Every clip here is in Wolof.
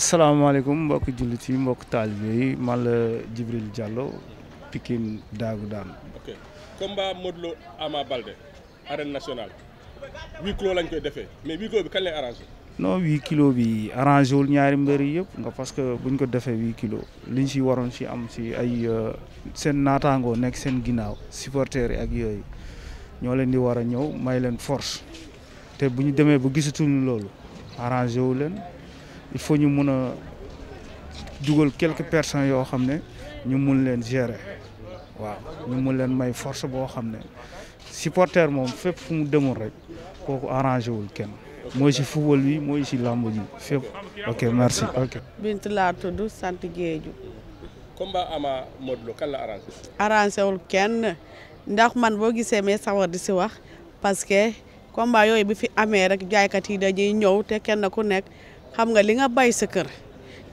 asalaamaaleykum mbokk jullit yi mbokk taalibe yi man la Djibril Diallo Pikine daagu daan. ok combat Modou Lo Ama Baldé arène nationale huit kilos lañ koy defee mais huit bi kañ lay arrangé. non huit kilos bi arrangé wul ñaari mbër yëpp nga parce que buñ ko defee huit kilo liñ si waroon si am si ay euh, seen naataangoo nekk seen ginnaaw supporters yi ak yooyu ñoo leen di war a ñëw may leen force te bu ñu demee ba gisatuñu loolu arrangé wu leen. il faut ñu mun a dugal quelque personnes yoo xam ne ñu mun leen gere waaw ñu mun leen may force boo xam ne supporter moom fépp fu mu demul rek kooku arrangé wul kenn mooy si football wi mooy si làmb bi fépp ok merci ok. Bintu laa tudd sant Géeju. combat Ama Modou Lo wul kenn ndax man boo gisee mais sawar di si wax parce que combat yooyu bi fi amee rek jaaykat yi dañuy ñëw te kenn ku nekk. xam nga li nga bay sa kër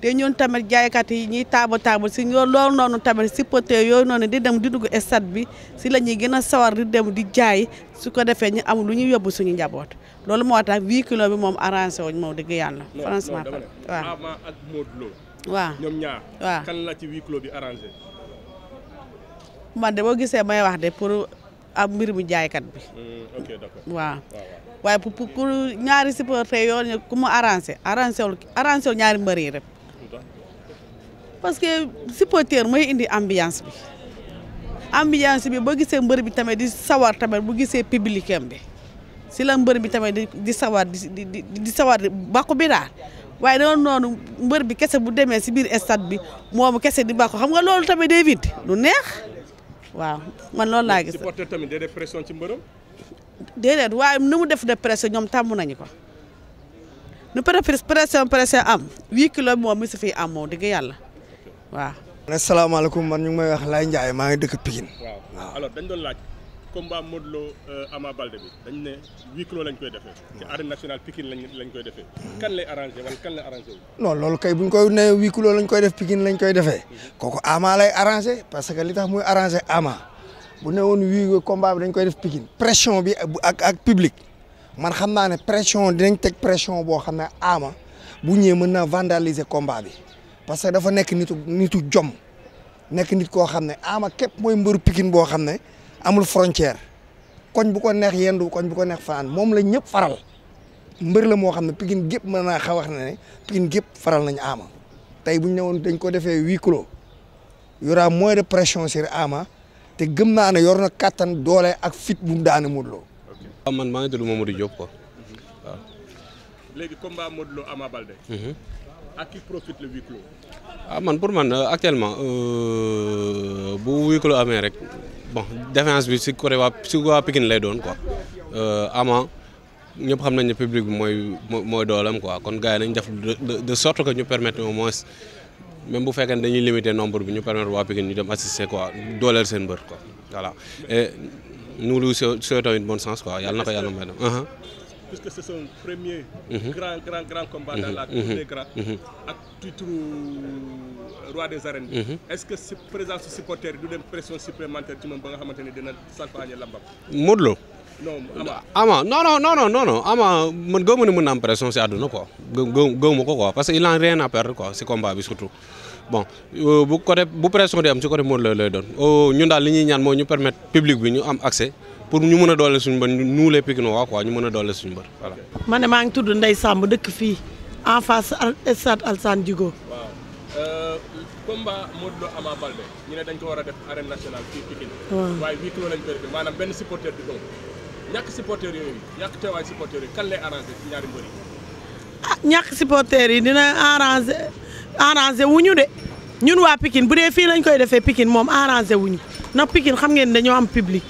te ñun tamit jaaykat yi ñuy taaba taaba si loolu noonu tamit supporter yooyu noonu di dem di dugg stade bi si la ñuy gën a sawar di dem di jaay su ko defee ñu am lu ñu yóbbu suñu njaboot loolu moo tax véhicule bi moom arrangé wuñ moom dëgg yàlla. franchement waaw Ama ak Modou Lo. waaw ñoom ñaar. waaw kan la ci véhicule bi arrangé. man de boo gisee may wax de pour am mbir mu jaaykat bi. Mm, ok waaye pour pour ñaari supporter yoo ne ku mu arrangé arrangé wul arrangé ñaari mbër yi rek parce que supporter mooy indi ambiance bi ambiance bi boo gisee mbër bi tamit di sawar bu gisee public bi si la mbër bi tamit di di sawar di di di sawar bi daal waaye noonu noonu mbër bi kese bu demee si biir stade bi moomu kese di bàkku xam nga loolu tamit day vide lu neex waaw man loolu laa gis. supporter tamit day ci mbërëm. déedéet waaye nu mu def de presse ñoom tàmm nañu ko nu presse presse presse am huit kilos moom mi si fiy am moom dëgg yàlla waaw. man salaamaaleykum man ñu ngi may wax Laye Ndiaye maa ngi dëkk Pikine. waaw alors dañ doon laaj combat Modou Lo euh, Ama Baldé bi dañ ne huit kilos lañ koy defee. ci arène nationale Pikine koy defee. Hmm. kan lay arrangé wala kan lay arrangé bu ñu koy lañ koy def Pikine lañ koy defee. Hmm. kooku Ama lay arrangé parce que li tax muy arrangé Ama. bu ne wii combat bi dañ koy def Pikine pression bi ak ak public man xam naa ne pression dinañ teg pression boo xam ne aama bu ñëwee mën naa vandaliser combat bi parce que dafa nekk nitu nitu jom nekk nit koo xam ne aama képp mooy mbëru Pikine boo xam ne amul frontière koñ bu ko neex yendu koñ bu ko neex fanaan moom lañ ñëpp faral mbër la moo xam ne Pikine gépp mën naa xaw wax ne ne Pikine gépp faral nañ Ama tey bu ñu ne woon dañ ko defee huis clos y mooy moins de pression sur Ama te gëm naa ne yor na kàttan doole ak fit bu mu daane Modou Lo. Ah, man maa ngi tudd moo Diop quoi waaw. léegi combat Modou Lo Ama Baldé. à mhm. qui ah, man pour man euh, euh, bu huis clos amee rek bon défense bi si côté waa si waa Pikine lay doon quoi euh, Ama ñëpp xam nañ ne public bi mooy mooy doolam ko kon gars nañ def de de sorte que ñu permettre au moins. même bu fekkee ne dañuy limiter nombre bi ñu permettre waa Pikine ñu dem assister quoi dooleel seen mbër quoi voilà et nous lui souhaitons une bonne chance quoi yàlla na ko yàlla may dem. Uh-huh. puisque c'est son premier. Mm-hmm. grand grand grand combat dans la mm-hmm. cour des bi. Mm-hmm. est-ce que présence supporter du dem pression supplémentaire ci moom ba nga xamante ne dina salfaañe lambam. Modou Lo. ama non non non non non ama man gëw ma ne mën na am pression si àdduna quoi gëw gëw ko quoi parce que il n'a rien à perdre quoi si combat bi surtout bon euh, bu côté bu pression di am si côté Modou Lô lay doon oh, ñu daal li ñuy ñaan moo ñu permettre public bi ñu am accès pour ñu mun a doole suñu mbër nous les Pikinois quoi ñu mën a doole suñu mbër voilà. ma ne maa ngi tudd Ndeye Samb dëkk fii en face stade Alassane Djigo. a euh, combat Modou Lô Ama ñu ne dañ ko war a def arène nationale fii Pikine. waaye huis clos lañ koy defee ñàkk supporters yooyu ñàkk teewaay supporters yi kan lay arrangé ah, yi. dina arrangé arrangé wuñu de ñun waa Pikine bu dee fii lañ koy defee Pikine moom arrangé wuñu ndax Pikine xam ngeen dañoo am public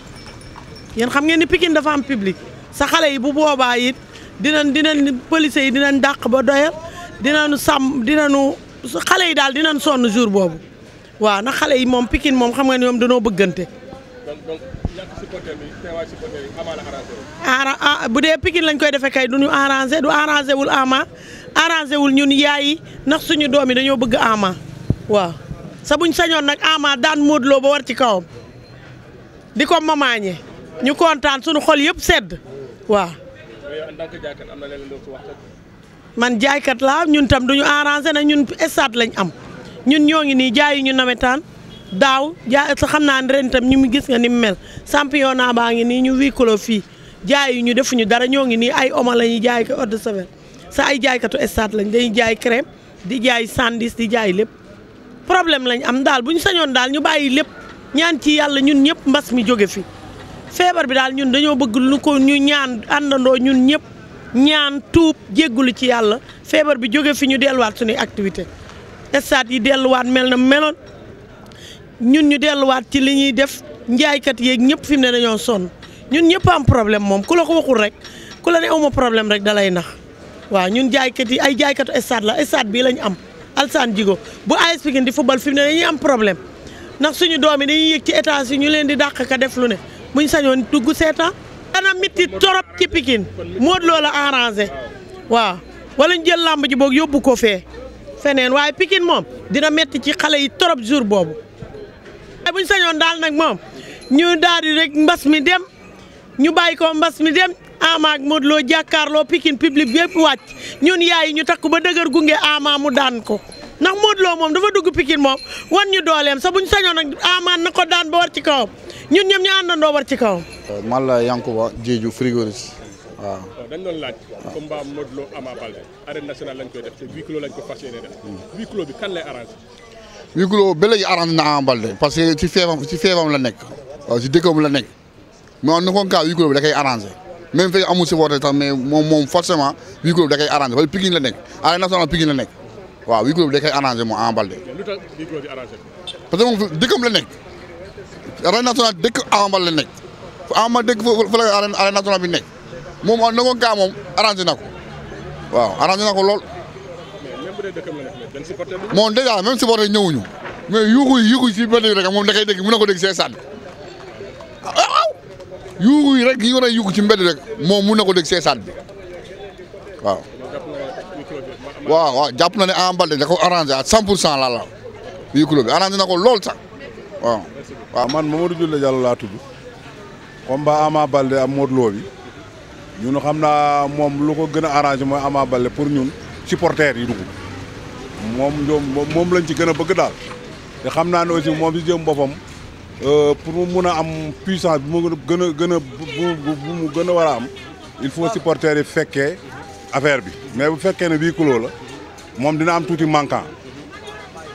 yéen xam ngeen ni pikin dafa am public sa xale yi bu boobaa it dina dinañ police yi dinañ dàq ba doyal dinañu sàmm dinañu xale yi daal dinañ sonn jour boobu waaw ndax xale yi moom Pikine moom xam nga ni moom danoo bëggante. ah bu dee Pikine lañ koy defee kay du ñu arrangé du arrangé wul Ama arrangé wul ñun yaay yi ndax suñu doom yi dañoo bëgg Ama waaw sa buñ sañoon nag Ama daan Modou Lo ba war ci kawam di ko mamaañe ñu kontaan suñu xol yëpp sedd waaw. man jaaykat laa ñun tam duñu arrangé nag ñun stade lañ am ñun ñoo ngi nii jaayu ñu nawetaan. daaw jaa xam naa ne ren tam ñu mu gis nga ni mu mel championnat baa ngi nii ñu huis clos fii jaay ñu defuñu dara ñoo ngi nii ay oma la ñuy jaay ko eau de Javel sa ay jaaykatu stade lañ dañuy jaay crème di jaay sandis di jaay lépp problème lañ am daal bu ñu sañoon daal ñu bàyyi lépp ñaan ci yàlla ñun ñëpp mbas mi jóge fi feebar bi daal ñun dañoo bëgg lu ko ñu ñaan àndandoo ñun ñëpp ñaan tuub jéggulu ci yàlla feebar bi jóge fi ñu delluwaat suñuy activité stade yi delluwaat mel na meloon ñun ñu delluwaat ci li ñuy def njaaykat yeeg ñëpp fi mu ne nañoo sonn ñun ñëpp am problème moom ku la ko waxul rek ku la ne awma problème rek dalay nax waaw ñun jaaykat yi ay jaaykatu stade la stade bii lañu am Alassane Djigo bu AS Pikine di football fi mu ne ñu am problème ndax suñu doom yi dañuy yëg ci état yi ñu leen di dàq ka def lu ne muñ sañoon dugg seetaan dana métti torop ci Pikine Modou Lo la arrangé waaw wala ñu làmb ji boog yóbbu ko fee feneen waaye Pikine dina métti ci xale yi torop jour boobu bu ñu sañoon daal nag moom ñu daal di rek mbas mi dem ñu bàyyi ko mbas mi dem Ama ak Modou loo jàkkaarloo Pikine public bi yëpp wàcc ñun yaay yi ñu takku ba dëgër gunge Ama mu daan ko. ndax Modou moom dafa dugg Pikine moom wan ñu dooleem sax ñu sañoon nag Ama na ko daan ba war ci kawam ñun ñoom ñu àndandoo war ci kawam. man la Yankuba Diédhiou frigoriste waaw. dañ doon laaj. combat Modou Lo lañ koy def hmm. bi kan Gris Bordeaux ba léegi arrangé na Ama Baldé parce que ci feefam ci feefam la nekk waaw ci la nekk mais en aucun cas Gris Bordeaux bi da koy arrangé même fekk amul supporter moom moom forcément Gris la nekk arène nekk waaw Gris Bordeaux bi moom Ama Baldé. la nekk arène nationale dëkk Ama Baldé la nekk bi nekk moom na ko waaw arrangé na lool. moom dèjà même supporter ñu mais yuuxu yi yuuxu yi si bëri rek moom da koy dégg mën na ko ah, ah, yuuxu rek yi war yuuxu ci mbedd rek moom mun na ko dégg see bi waaw. jàpp na ne Ama Baldé da ko arrangé à 100 pour cent laa la micro bi arrangé na ko lool sax waaw. waaw man Mamadou Diouldé Diallo laa tudd combat Ama Baldé am Modou Lo bi ñun xam naa moom lu ko gën a arrangé mooy Ama Baldé pour ñun supporters yi dugg. moom ñoom moom lañ ci gën a bëgg daal te xam naa ne aussi moom si jëm boppam euh, pour mu mun a am puissance bu mu gën a gën a bu mu gën a war a am il faut supporters yi fekkee affaire bi mais bu fekkee ne huis clos la moom dina am tuuti manquant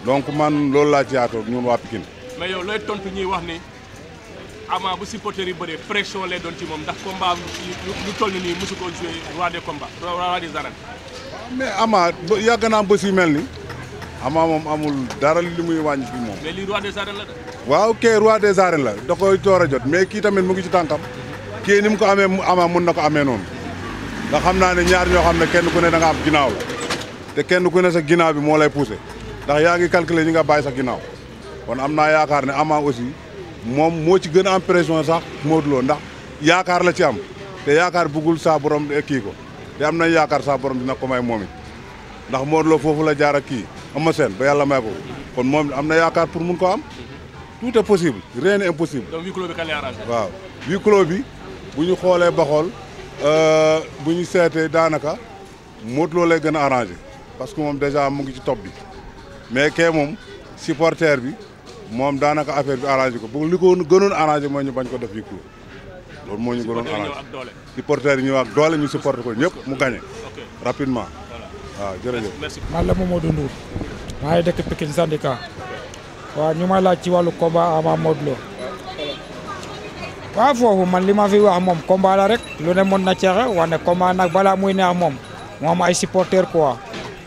donc man loolu laa ci yaakaar ñun waa Pikine mais yow looy tontu ñuy wax ni Ama bu supporters yi bëree pression lay moom ndax combat lu toll nii mosu ko joué roi des combats roi mais Ama yàgg naa bés yu mel ni Ama moom amul dara li muy wàññi fi moom. mais lii roi la de. waaw kay roi des arènes la da koy door a jot mais kii tamit mu ngi ci tànkam kii ni mu ko amee Ama mun na ko amee noonu nga xam naa ne ñaar ñoo xam ne kenn ku ne da nga am ginnaaw te kenn ku ne sa ginaaw bi moo lay poussé ndax yaa ngi calculer ñi nga bàyyi sa ginnaaw kon am naa yaakaar ne Ama aussi moom moo ci gën a am sax Modou ndax yaakaar la ci am te yaakaar bëggul saa borom kii ko. te am nañ yaakaar sax borom dina ko may moom ndax Modou Lo foofu la jaar ak kii Eumeu Sène ba yàlla may ko kon moom am na yaakaar pour mun ko am tout est possible rien n'est impossible. donc huis waaw huis clos bi bu ñu xoolee ba xool euh, bu ñu seetee daanaka Modou Lo gën a parce que moom déjà mu ngi ci top bi mais kee moom supporter bi moom daanaka affaire bi arrangé ko bu li ko gënoon arrangé mooy ñu bañ ko def huis clos. loolu moo ñu ko doon arrangé supporters yi ñëw ak doole ñu supporté ko ñëpp mu gagné rapidement waaw jërëjëf. man la Mamadou maa ngi dëkk Pikine syndicat waaw ñu ma laaj ci wàllu combat Ama Modou Lo waaw foofu man li ma fi wax moom combat rek lu ne mën na ceexe wane combat nag balaa muy neex moom mu am ay supporters quoi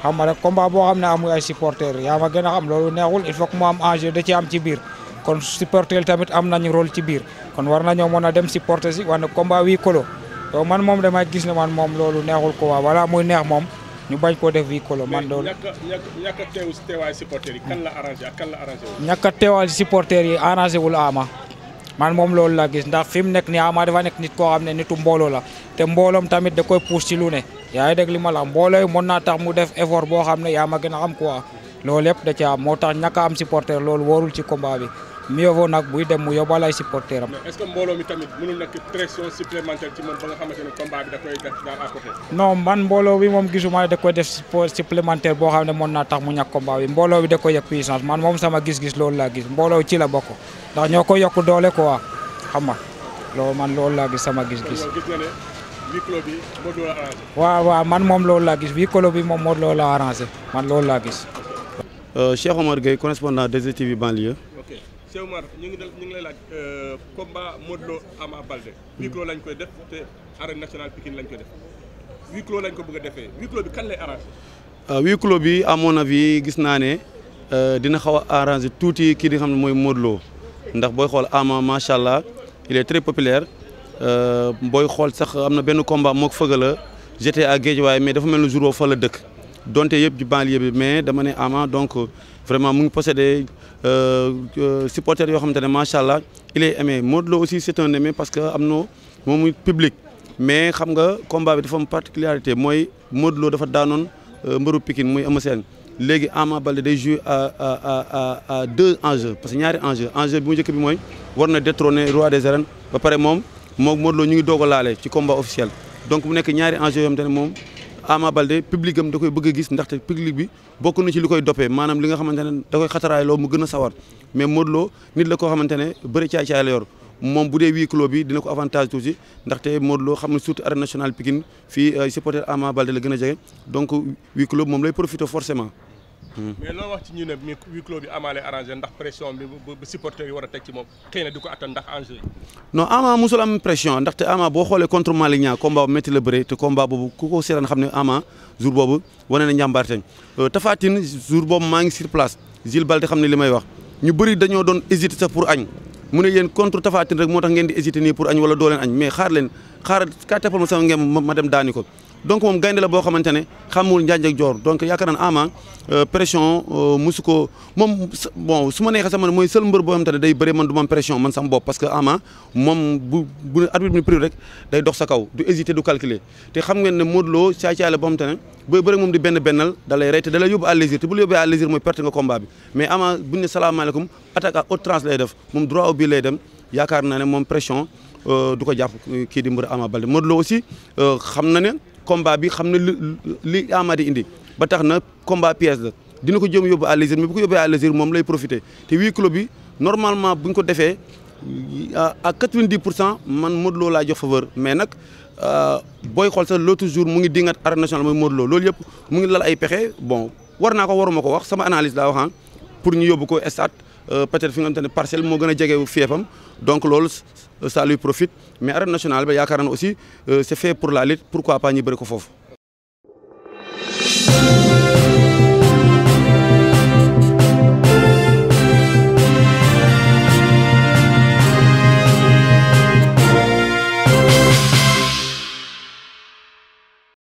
xam nga rek combat boo xam ne amul ay supporters yaa ma gën a xam loolu neexul il faut mu am enjeu da ci am ci biir kon supporters tamit am nañu rol ci biir. kon war nañoo mën a dem supporter si wane combat wii kolo to man moom damay gis ne man moom loolu neexul ko waa walaa muy neex moom ñu bañ koo def wii kolo man loolu. ñàkk a teew teewaay supporter yi kan la arrangé kan la arrangé wul. ñàkk a teewaay yi arrangé wul Ama man moom loolu la gis ndax fi mu nekk nii Ama dafa nekk nit koo xam ne nitu mbooloo te mboolom tamit da koy pousse ci lu ne yaa ngi dégg li ma la mbooloo mën naa tax mu def effort boo xam ne yaa ma gën a xam quoi loolu yëpp da ci am moo tax ñàkk a am supporter loolu wóorul ci combat bi mieux vaut nag buy dem mu yóbbaale ay supporter am. mbooloo mi tamit mënul nekk pression non man mbooloo bi moom gisuma da koy def supplémentaire boo xam ne mën na tax mu ñàkk combat bi mbooloo bi da koy yëg puissance man moom sama gis-gis loolu laa gis mbooloo ci la bokk ndax ñoo ko yokk doole quoi xam nga loolu man loolu laa gis sama gis-gis. waaw man moom loolu laa gis huis clos bi moom moo loolu la arrangé man loolu laa gis. Euh, Cheikh Omar Gueye correspondant 2 Cheikh Omar ñu ngi lay laaj euh, combat Modou Lo Ama Baldé huis clos lañ koy def te arène nationale Pikine lañ koy def huis lañ ko bëgg a defee huis clos bi kan lay arrangé. Euh, huis clos bi amoon mon avis gis naa ne euh, dina xaw a arrangé tuuti kii di xam ne mooy Modou ndax booy xool Ama macha allah il est très populaire booy xool sax am na benn combat moo fëgg la j'étais à Guédiawaye mais dafa mel ni jour boobu fa la dëkk. donte yëpp ji banlieue bi mais dama ne Ama donc vraiment mu ngi possédé euh, euh, supporters yoo xamante ne macha allah il est aimé Modou aussi c'est un aimé parce que am no moom public. mais xam nga combat bi dafa am mooy Modou dafa daanoon euh, mbëru Pikine mooy Eumeu Sène léegi Ama Baldé day jouer à à à à deux enjeux parce que ñaari enjeu enjeu bi mu njëkk bi mooy war na détrôner roi des arènes ba pare moom moom Modou Lo ñu ngi doog laale ci combat officiel donc mu nekk ñaari enjeu yoo xamante ne moom. Ama Balde public am da koy bëgg a gis ndaxte public bi bokk na ci li koy dopee maanaam li nga xamante ne da koy xataraay loo mu gën a sawar mais Modou Lo nit la koo xamante ne bëri caay-caay la yor moom bu dee huis clos bi dina ko avantage tuuti ndaxte Modou Lo xam ne surtout arène nationale Pikine fii euh, supporter Ama Balde la gën a jege donc huis clos moom lay profité forcément Hmm. mais loo wax ci ñu ne mi huis clos bi amaale arrangé ndax pression bi bu supporter war a teg ci moom xëy na di ndax enjeu non Ama musul am pression ndaxte Ama boo xoolee contre Malick Niang combat bu métti la te combat boobu ku ko seetaan xam ne Ama boobu wane na njàmbaarteñ euh, Tapha Tine jour boobu maa ngi sur place Gilles Balde xam ne li may wax ñu bëri dañoo doon hésité sax pour añ mu ne yéen contre Tapha Tine rek moo tax ngeen di hésité nii pour añ ko donc moom gaynde boo xamante ne xam njaaj ak joor donc yaakaar naa ama euh, pression euh, musu ko moom bon su ma neexee sama ne mooy seul mbër boo xamante ne day bëri man du ma am pression man sama bopp parce que ama moom day dox sa kaw du hésiter du calculer te xam ngeen ne Modou Lo caay-caay la boo xamante benn bennal da lay rey te da lay yóbbu à lésir te bu la yóbbee à lésir mooy perte nga combat dem yaakaar naa ne moom pression euh, du ko jàpp kii di mbër Ama Baldé Modou Lo aussi xam na ne combat bi xam na li li Amady indi ba tax na combat pièce la dina ko jëm yóbbu à l'usure mais ko yóbbee à l'usure moom lay profité te huis clos bi normalement bu ñu ko defee à 90 pour cent man Modou laa jox faveur mais nag euh, booy xool sax l'autre jour mu ngi dingat arène nationale mooy Modou loolu yëpp mu ngi lal ay pexe bon war naa ko waruma ko wax sama analyse laa waxaan ah, pour ñu yóbbu ko stade Euh, peut-être fi nga xamante ne parcelle moo gën a jege fiefam donc loolu ça lui profite mais arène nationale ba yaakaar naa aussi euh, c'est fait pour la lutte pourquoi pas ñu bëri ko foofu.